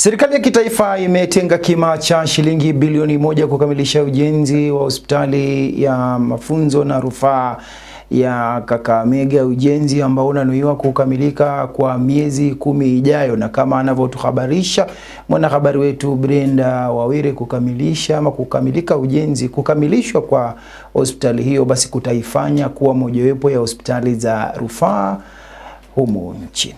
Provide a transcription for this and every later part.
Serikali ya kitaifa imetenga kima cha shilingi bilioni moja kukamilisha ujenzi wa hospitali ya mafunzo na rufaa ya Kakamega, ujenzi ambao unanuiwa kukamilika kwa miezi kumi ijayo, na kama anavyotuhabarisha mwanahabari wetu Brenda Wawire, kukamilisha ama kukamilika ujenzi, kukamilishwa kwa hospitali hiyo basi kutaifanya kuwa mojawapo ya hospitali za rufaa humu nchini.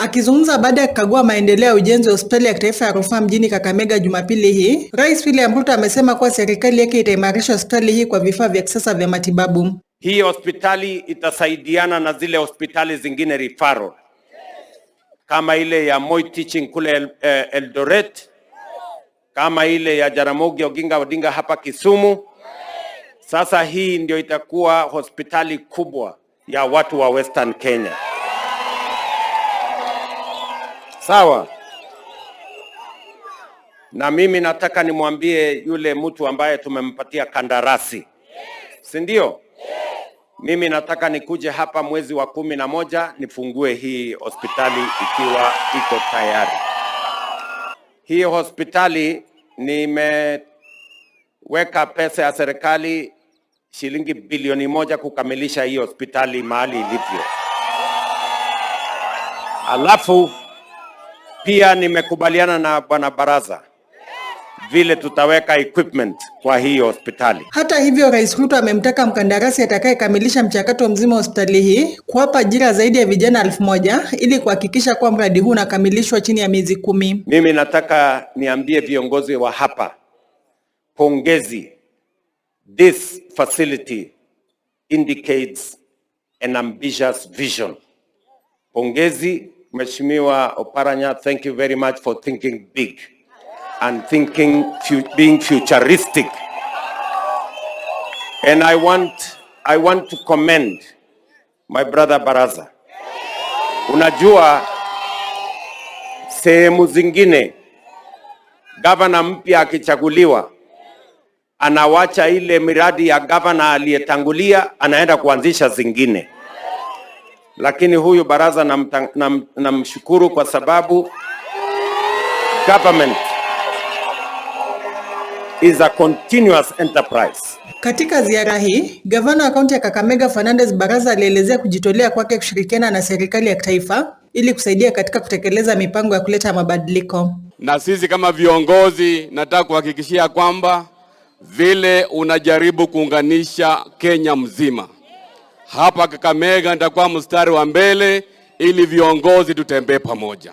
Akizungumza baada ya kukagua maendeleo ya ujenzi wa hospitali ya kitaifa ya rufaa mjini Kakamega Jumapili hii, Rais William Ruto amesema kuwa serikali yake itaimarisha hospitali hii kwa vifaa vya kisasa vya matibabu. Hii hospitali itasaidiana na zile hospitali zingine referral kama ile ya Moi Teaching kule eh, Eldoret, kama ile ya Jaramogi Oginga Odinga hapa Kisumu. Sasa hii ndio itakuwa hospitali kubwa ya watu wa Western Kenya. Sawa. Na mimi nataka nimwambie yule mtu ambaye tumempatia kandarasi, si ndio? Mimi nataka nikuje hapa mwezi wa kumi na moja nifungue hii hospitali ikiwa iko tayari. Hii hospitali nimeweka pesa ya serikali shilingi bilioni moja kukamilisha hii hospitali mahali ilivyo, alafu pia nimekubaliana na bwana Baraza vile tutaweka equipment kwa hii hospitali. Hata hivyo, Rais Ruto amemtaka mkandarasi atakayekamilisha mchakato mzima wa hospitali hii kuwapa ajira zaidi ya vijana elfu moja ili kuhakikisha kuwa mradi huu unakamilishwa chini ya miezi kumi. Mimi nataka niambie viongozi wa hapa, pongezi. This facility indicates an ambitious vision. Pongezi Mheshimiwa Oparanya, thank you very much for thinking big and thinking being futuristic. And I want, I want to commend my brother Baraza. Unajua sehemu zingine gavana mpya akichaguliwa anawacha ile miradi ya gavana aliyetangulia, anaenda kuanzisha zingine lakini huyu baraza namshukuru nam, nam kwa sababu government is a continuous enterprise. Katika ziara hii, gavana wa kaunti ya Kakamega Fernandes Baraza alielezea kujitolea kwake kushirikiana na serikali ya kitaifa ili kusaidia katika kutekeleza mipango ya kuleta mabadiliko. Na sisi kama viongozi, nataka kuhakikishia kwamba vile unajaribu kuunganisha Kenya mzima hapa Kakamega nitakuwa mstari wa mbele ili viongozi tutembee pamoja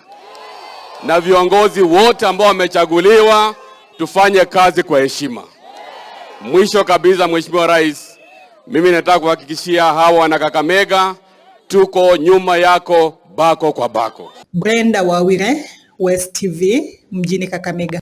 na viongozi wote ambao wamechaguliwa, tufanye kazi kwa heshima. Mwisho kabisa, Mheshimiwa Rais, mimi nataka kuhakikishia hawa wana Kakamega, tuko nyuma yako bako kwa bako. Brenda Wawire, West TV, mjini Kakamega.